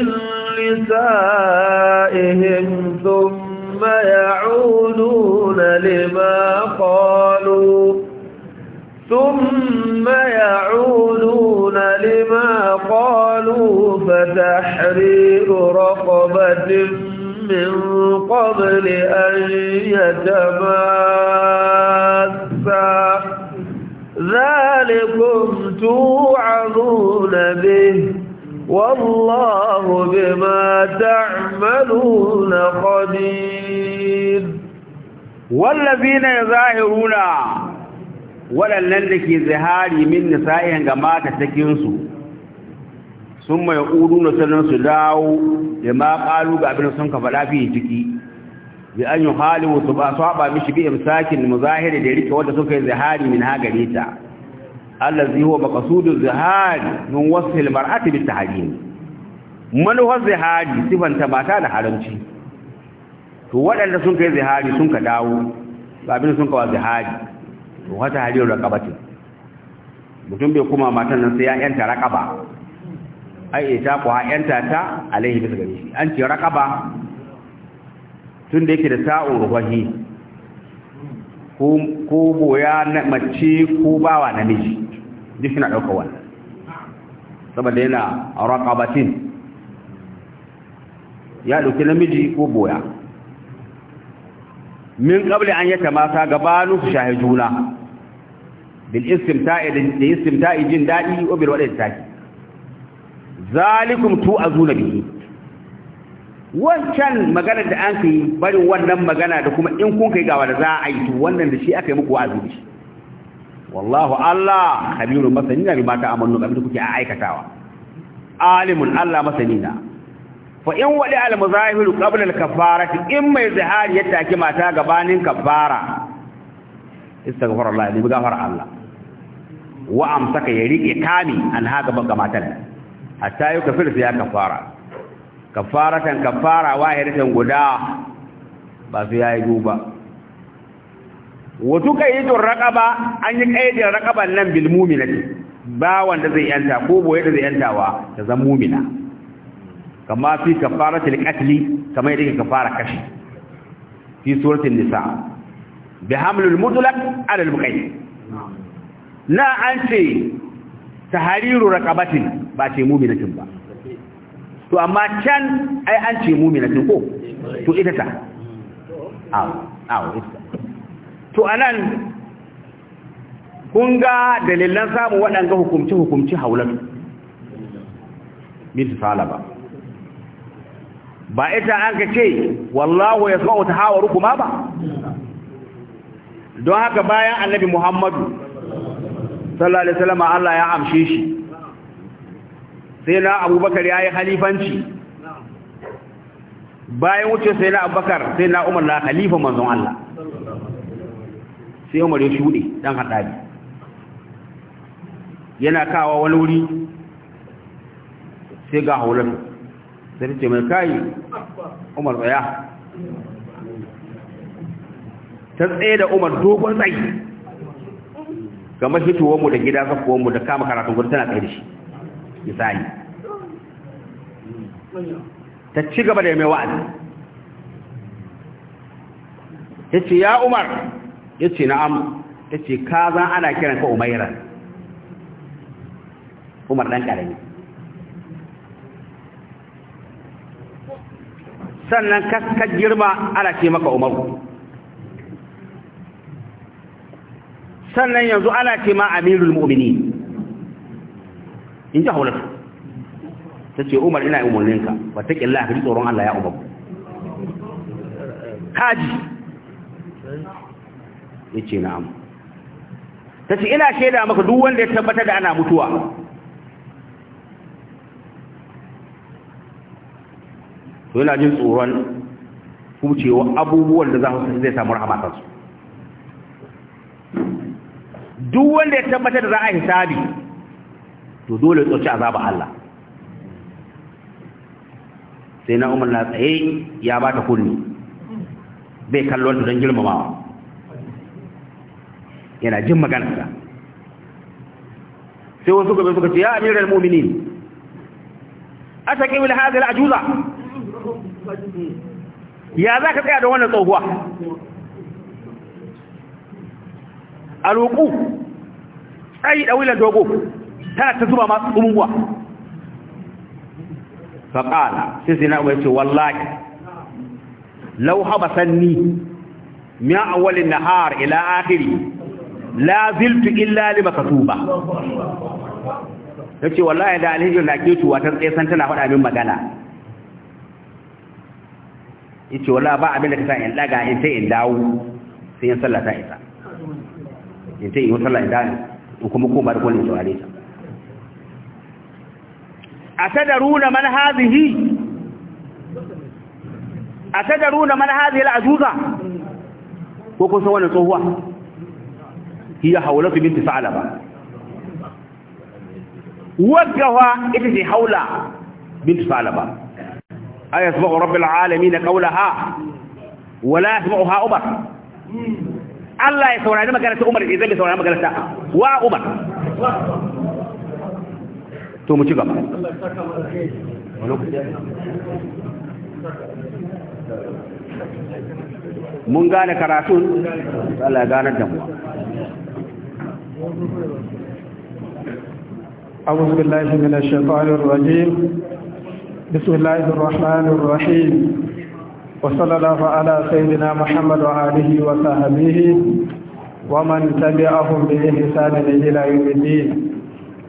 نسائهم ثم يعودون لما قالوا ثم ثم يعودون لما قالوا فتحرير رقبة من قبل أن يتماسا ذلكم توعظون به والله بما تعملون خبير والذين يظاهرون waɗannan da ke zihari min nisa'in ga mata cikinsu sun mai ƙudu na sanar su dawo da ma ƙalu ga abin sun ka faɗa fiye ciki da an yi hali wasu ba su haɓa mishi bi imsakin zahiri da rike wadda suka yi zihari min hagare ta Allah zai huwa da zihari min wasu hilmar atibin ta hajji manufar zihari sifanta mata da haramci to waɗanda sun ka yi zihari sun ka dawo ga abin sun ka wa zihari wata hariyar rakabatin mutum bai kuma matan nan sai ya yanta rakaba ai ita kuwa yanta ta alaihi bisa gari shi an ce rakaba tun da yake da sa'un ruhahi ko boya na mace ko bawa namiji duk suna ɗauka wannan saboda yana rakabatin ya ɗauki namiji ko boya min ƙabli an yata mata gabanu su shahi juna bil istimta'i da istimta'i jin dadi wa bil wada'i taki zalikum tu'azuna bihi wancan magana da an kai barin wannan magana da kuma in kun kai gawa da za a yi to wannan da shi aka yi muku wa'azi shi wallahu Allah khabirun masanina bima ta'amalu kamar kuke a aikatawa alimun Allah masanina fa in wali al muzahir qabla al kafarati in mai zahari ya take mata gabanin kafara istaghfirullah ni gafar Allah wa amsaka ya rike kami an haka ban gamatan hatta yau kafir sai ya fara kafaratan kafara wahiratan guda ba su yayi duba wato kai to raqaba an yi kaidin raqaban nan bil mu'minati ba wanda zai yanta ko boye da zai yantawa ta zan mu'mina kama fi kafaratil qatli kama yadda fara kashi fi suratul nisa bihamlul mutlaq ala al muqayyad na an ce tahariru raqabatin ba ce mu'minatin ba to amma can ai an ce mu'minatin ko to ita ta aw aw ita to anan kun ga dalilan samu waɗanga hukumci hukumci haulatu min salaba ba ita an ka ce wallahu yasma'u tahawurukuma ba don haka bayan annabi muhammadu sallallahu alaihi wasallam Allah ya amshe shi sai na abubakar ya yi khalifanci bayan wuce sai na abubakar sai na umar na khalifa manzon Allah sai umar ya shuɗe ɗan haɗari yana kawa wani wuri sai ga haulan sai ce mai kayi umar tsaya ta tsaye da umar dogon tsayi kamar fitowar mu da gida zakowar mu da kama karatun gudu tana tsaye da shi misali ta ci gaba da mai wa'azi ya ce ya umar ya ce na'am ya ce ka zan ana kiran ka umaira umar ɗan ƙarami sannan ka girma ana ce maka umaru sannan yanzu ana ce ma amirul mu'mini in ji haulatu ta ce umar ina umarninka ba ta ƙilla ka ji tsoron Allah ya umar kaji ya ce na'am ta ce ina shaida maka duk wanda ya tabbata da ana mutuwa to yana jin tsoron fucewa abubuwan da za su zai samu rahama kansu duk wanda ya tabbatar da za a hisabi to dole tsoci azaba Allah sai na umar na tsaye ya ba ta kunni bai kallon ta don girmamawa yana jin maganarsa sai wasu gabe suka ce ya al muminin a taƙi wil hazil ajuza ya za ka tsaya da wannan tsohuwa a roƙu tsayi da wilan dogo tana ta zuba masu tsumuwa faƙala sai zina ya ce wallahi lau haɓa sanni min awalin nahar ila akhiri la ziltu illa li makatuba yace wallahi da alhijir na ke tuwa ta tsaye san tana faɗa min magana yace wallahi ba abin da ka sa in daga in sai in dawo sai in sallata isa in sai in sallata isa to kuma koma da kullun atadaruna man hadhihi atadaruna man hadhihi al'ajuza huko sawa na wannan hiya hawlatu binti sa'laba wajaha ita ce haula binti sa'laba ayasma'u rabbil alamin qawlaha wala yasma'uha umar Allah ya saurari magana ta Umar idan ya saurari magana ta wa Umar to mu ci gaba mun gane karatu Allah ya gane da mu أعوذ بالله من الشيطان الرجيم بسم الله الرحمن الرحيم وصلى الله على سيدنا محمد وآله وصحبه ومن تبعهم بإحسان إلى يوم الدين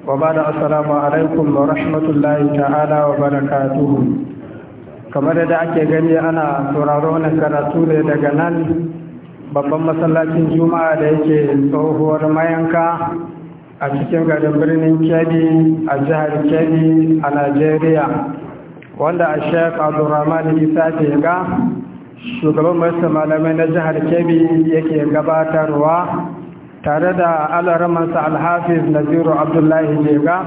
وبعد السلام عليكم ورحمة الله تعالى وبركاته كما da ake gani ana sauraro na karatu ne daga nan babban masallacin juma'a da yake tsohuwar mayanka a cikin garin birnin kebbi a jihar kebbi a najeriya wanda a shek abdurrahman isa ke ga shugaban masu malamai na jihar kebbi yake gabatarwa tare da alaramansa alhafiz naziru abdullahi ke ga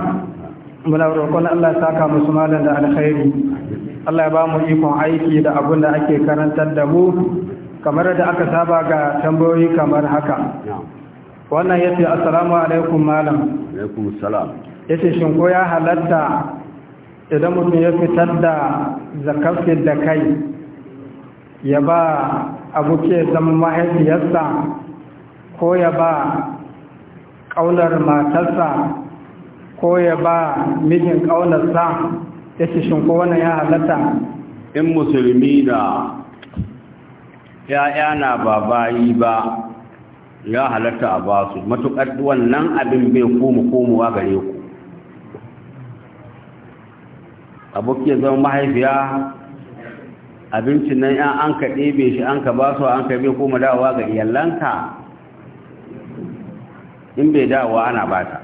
muna roƙon allah saka musu malam da alkhairi allah ya ba mu ikon aiki da abin da ake karantar da mu kamar da aka saba ga tambayoyi kamar haka wannan ya ce assalamu alaikum malam ya ce shinko ko ya halatta idan mutum ya fitar da zakafin da kai ya ba abuke zama mahaifiyarsa ko ya ba ƙaunar matarsa ko ya ba mijin ƙaunarsa ya ce shinko wani ya halatta in musulmi da ya'ya na ba bayi ba ya halatta a basu matuƙar wannan abin bai komu komowa gare ku aboki ya zama mahaifiya abincin nan yan an ka ɗebe shi an ka ba su an ka bai kuma dawowa ga iyalanka in bai dawowa ana ba ta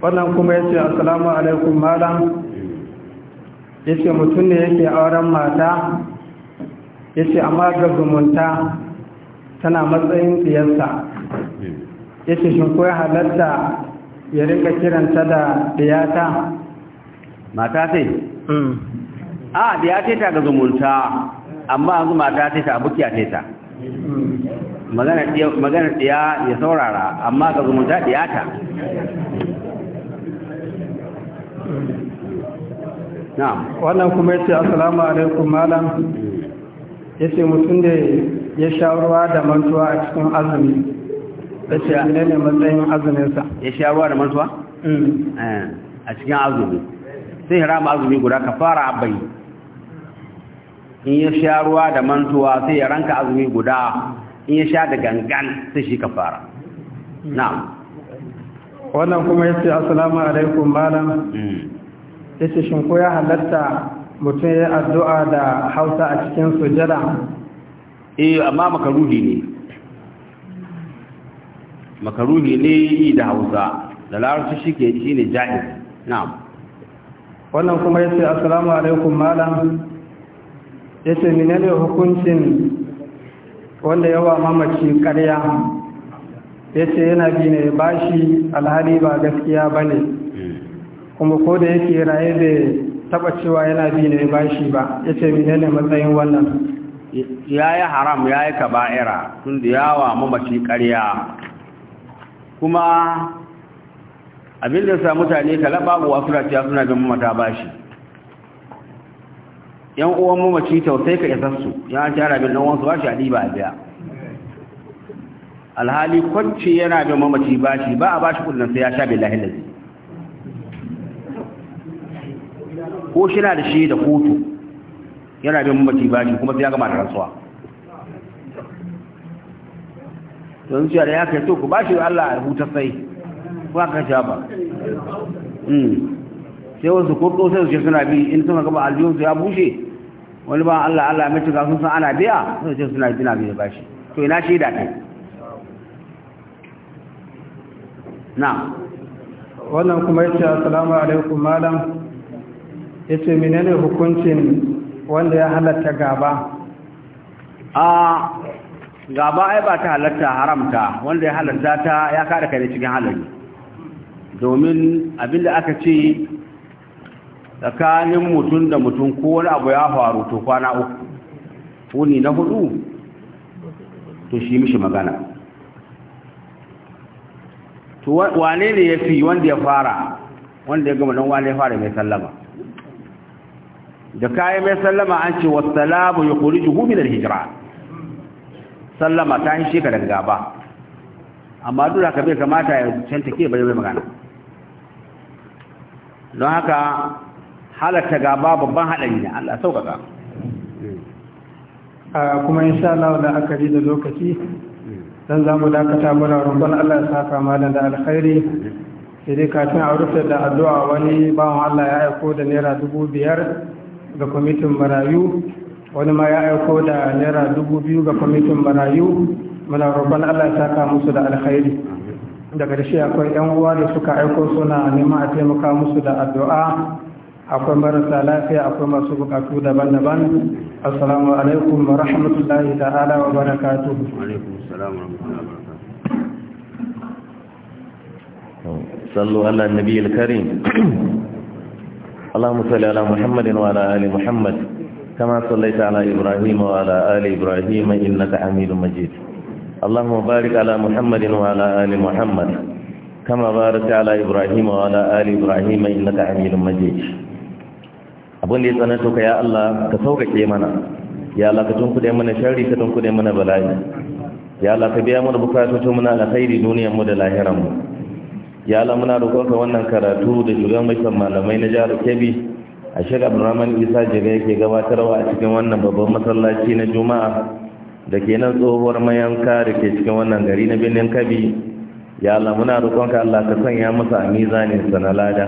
wannan kuma ya ce assalamu alaikum malam ya ce mutum ne yake auren mata ya ce amma ga zumunta tana matsayin tsiyarsa ya ce shin ko ya halatta ya rinka kiranta da diyata mata sai mm. a diyata ta ga zumunta amma yanzu mata ta ta abukiya ta ta mm. magana diya ya saurara amma ga zumunta diyata mm. wannan kuma yace assalamu alaikum malam yace mutum da ya shawarwa da mantuwa a cikin azumi tace ne ne matsayin azumin sa ya sha ruwa da mantuwa mm. eh, a cikin azumi sai ya rama azumi guda ka fara abai in ya sha ruwa da mantuwa sai ya ranka azumi guda in ya sha da gangan sai shi kafara na'am wannan kuma ya ce asalamu alaikum malam mm. yace shin ko ya halatta mutum ya yi addu'a da Hausa a cikin sujada eh amma makaruhi ne makaruhi ne yi da hausa da larabci shi ke shi ne ja'iz na'am wannan kuma ya ce assalamu alaikum malam ya ce menene hukuncin wanda yawa mamaci karya ya ce yana bi ne bashi alhali ba gaskiya ba ne hmm. kuma ko da yake raye bai taba cewa yana bi ne bashi ba ya ce menene matsayin wannan ya yi haram ya yi kaba'ira tun da yawa mamaci karya kuma abin da sa mutane kalaba uwa suna cewa suna bin mata bashi yan uwan mamaci tausayi ka isar su ya ce ana bin dan uwansu bashi a diba a biya alhali kwanci yana bin mamaci bashi ba a bashi kullum sai ya sha billahi lazi ko shi na da shi da kotu yana bin mamaci bashi kuma sai ya gama da rantsuwa don cewa da ya kai to ku ba shi Allah a huta sai ku ka ja ba hmm. sai wasu kurɗo sai su suna bi in ga ba aljihun su ya bushe wani ba Allah Allah mai tuka sun san ana biya sai ce suna na biya ba shi to ina shi da kai na wannan kuma yace assalamu alaikum malam yace menene hukuncin wanda ya halatta gaba a gaba ai ba ta halatta haramta wanda ya halatta ta ya kada kai cikin halali domin abinda aka ce tsakanin mutum da mutum ko wani abu ya faru to kwana uku wuni na hudu to shi mishi magana to wane ne ya fi wanda ya fara wanda ya gama don wane ya fara mai sallama da kayan mai sallama an ce wasu salamu ya kori juhu minar hijira sallama ta yi shekara daga gaba amma duk haka bai kamata ya canta ke bai bai magana don haka halatta gaba babban haɗari ne Allah sauƙaƙa kuma insha Allah da aka da lokaci dan za mu dakata muna rumbun Allah ya saka malam da alkhairi sai dai kafin a rufe da addu'a wani bawan Allah ya aiko da naira dubu biyar ga kwamitin marayu wani ma ya aiko da naira dubu biyu ga kwamitin marayu muna roƙon allah ya saka musu da alkhairi daga da shi akwai yan uwa da suka aiko suna neman a taimaka musu da addu'a akwai marasa lafiya akwai masu bukatu daban-daban assalamu alaikum wa rahmatullahi ta'ala wa barakatu. barakatuhu صلوا على النبي allahumma salli ala muhammadin wa ala Ali Muhammad. كما صليت على إبراهيم وعلى آل إبراهيم إنك حميد مجيد اللهم بارك على محمد وعلى آل محمد كما باركت على إبراهيم وعلى آل إبراهيم إنك حميد مجيد abin da ya tsananta ka ya Allah ka sauƙaƙe mana ya Allah ka tunkuɗe mana shari ka tunkuɗe mana bala'i ya Allah ka biya mana bukatocin muna alkhairi duniyar mu da lahiran mu ya Allah muna roƙon ka wannan karatu da shugaban malamai na jihar Kebbi a shirin abdurrahman isa jere yake gabatarwa a cikin wannan babban masallaci na juma'a da ke nan tsohuwar mayanka da ke cikin wannan gari na birnin kabi ya lamuna muna Allah ka sanya masa a mizanin na lada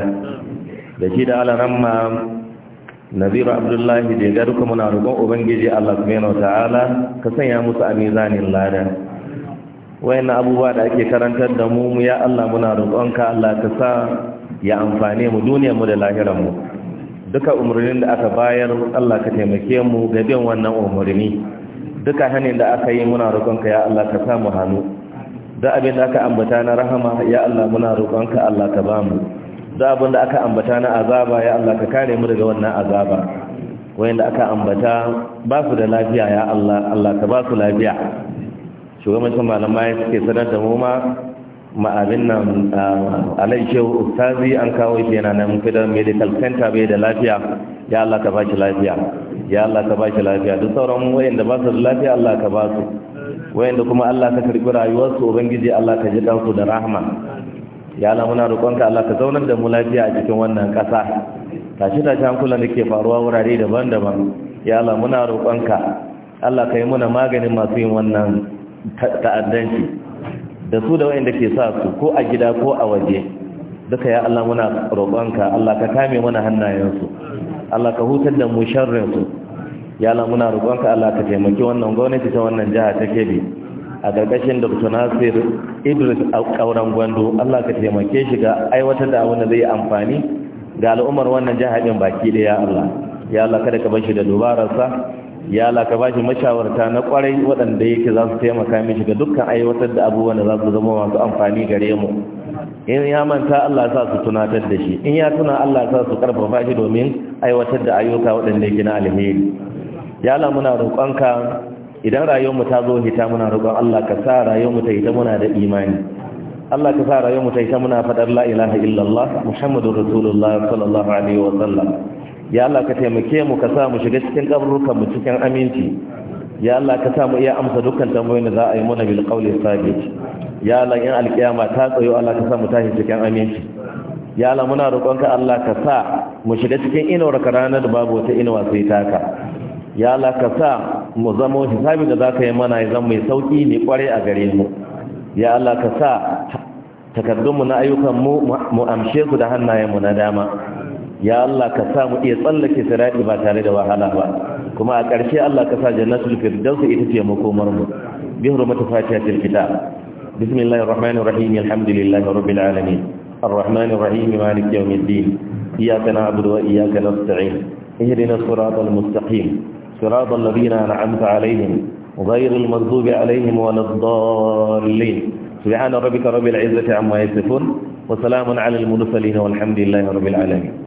da shi da alaramma naziru abdullahi da ya duka muna rukun ubangiji Allah subhanahu ta'ala ka sanya musu a mizanin lada wayan abubuwa da ake karantar da mu ya Allah muna roƙonka Allah ka sa ya amfane mu duniyar mu da lahirar mu duka umarnin da aka bayar Allah ka taimake mu ga bin wannan umarni duka hanin da aka yi muna roƙonka ya Allah ka samu hannu da abin da aka ambata na rahama ya Allah muna roƙonka Allah ka ba mu da abin da aka ambata na azaba ya Allah ka kare mu daga wannan azaba wayanda aka ambata ba su da lafiya ya Allah Allah ka ba su lafiya shugaban malamai suke sanar da mu ma ma'abin nan alai shehu ustazi an kawo shi yana nan da medical center bai da lafiya ya Allah ka bashi lafiya ya Allah ka bashi lafiya duk sauran wayanda ba su da lafiya Allah ka ba su wayanda kuma Allah ka karbi rayuwar su ubangiji Allah ka ji dan su da rahama ya Allah muna roƙonka Allah ka zaunar da mu lafiya a cikin wannan ƙasa tashi tashi hankulan kula ke faruwa wurare daban-daban ya Allah muna roƙonka Allah ka yi muna maganin masu yin wannan ta'addanci da su da wayanda ke sa su ko a gida ko a waje duka ya Allah muna roƙonka Allah ka kame mana hannayensu Allah ka hutar da mu sharrin ya Allah muna roƙonka Allah ka taimaki wannan gwamnati ta wannan jiha ta Kebbi a gargashin Dr. Nasir Idris Kauran Gwando Allah ka taimake shi ga aiwatar da abin da zai amfani ga al'ummar wannan jiha din baki da ya Allah ya Allah kada ka bar shi da dubararsa ya laka bashi mashawarta na kwarai waɗanda yake za su taimaka mishi ga dukkan aiwatar da abubuwan da za su zama masu amfani gare mu in ya manta Allah sa su tunatar da shi in ya tuna Allah sa su karfafa shi domin aiwatar da ayyuka waɗanda yake na alheri ya la muna roƙonka idan rayuwarmu ta zo hita muna roƙon Allah ka sa rayuwarmu ta hita muna da imani Allah ka sa rayuwarmu ta hita muna faɗar la ilaha illallah muhammadur rasulullah sallallahu alaihi wa sallam ya Allah ka taimake mu ka sa mu shiga cikin kaburukan mu cikin aminci ya Allah ka sa mu iya amsa dukkan tambayoyin da za a yi mana bil qawli sabit ya Allah in alkiyama ta tsayo Allah ka sa mu tashi cikin aminci ya Allah muna ka Allah ka sa mu shiga cikin inuwar ka ranar da babu wata inuwa sai taka ya Allah ka sa mu zama hisabin da za ka yi mana ya zama mai sauki ne kware a gare mu ya Allah ka sa takardunmu na ayyukan mu mu amshe su da hannayenmu na dama ya Allah ka sa mu iya tsallake sirati ba tare da wahala ba kuma a ƙarshe Allah ka sa jannatul firdaus ita ce makomar mu bi hurmatu fatihatil kitab bismillahir rahmanir rahim alhamdulillahi rabbil alamin arrahmanir rahim malik yawmiddin iyyaka na'budu wa iyyaka nasta'in ihdinas siratal mustaqim siratal ladzina an'amta alaihim غير المغضوب عليهم ولا الضالين سبحان ربك رب العزة عما يصفون وسلام على المرسلين والحمد لله رب العالمين